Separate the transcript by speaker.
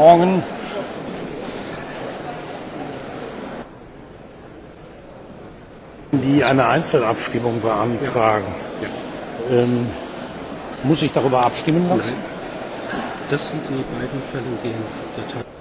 Speaker 1: Morgen.
Speaker 2: die eine Einzelabstimmung beantragen. Ja. Ja. Ähm, muss ich darüber abstimmen lassen?
Speaker 3: Nein. Das sind die beiden Fälle gegen der Tagesordnung.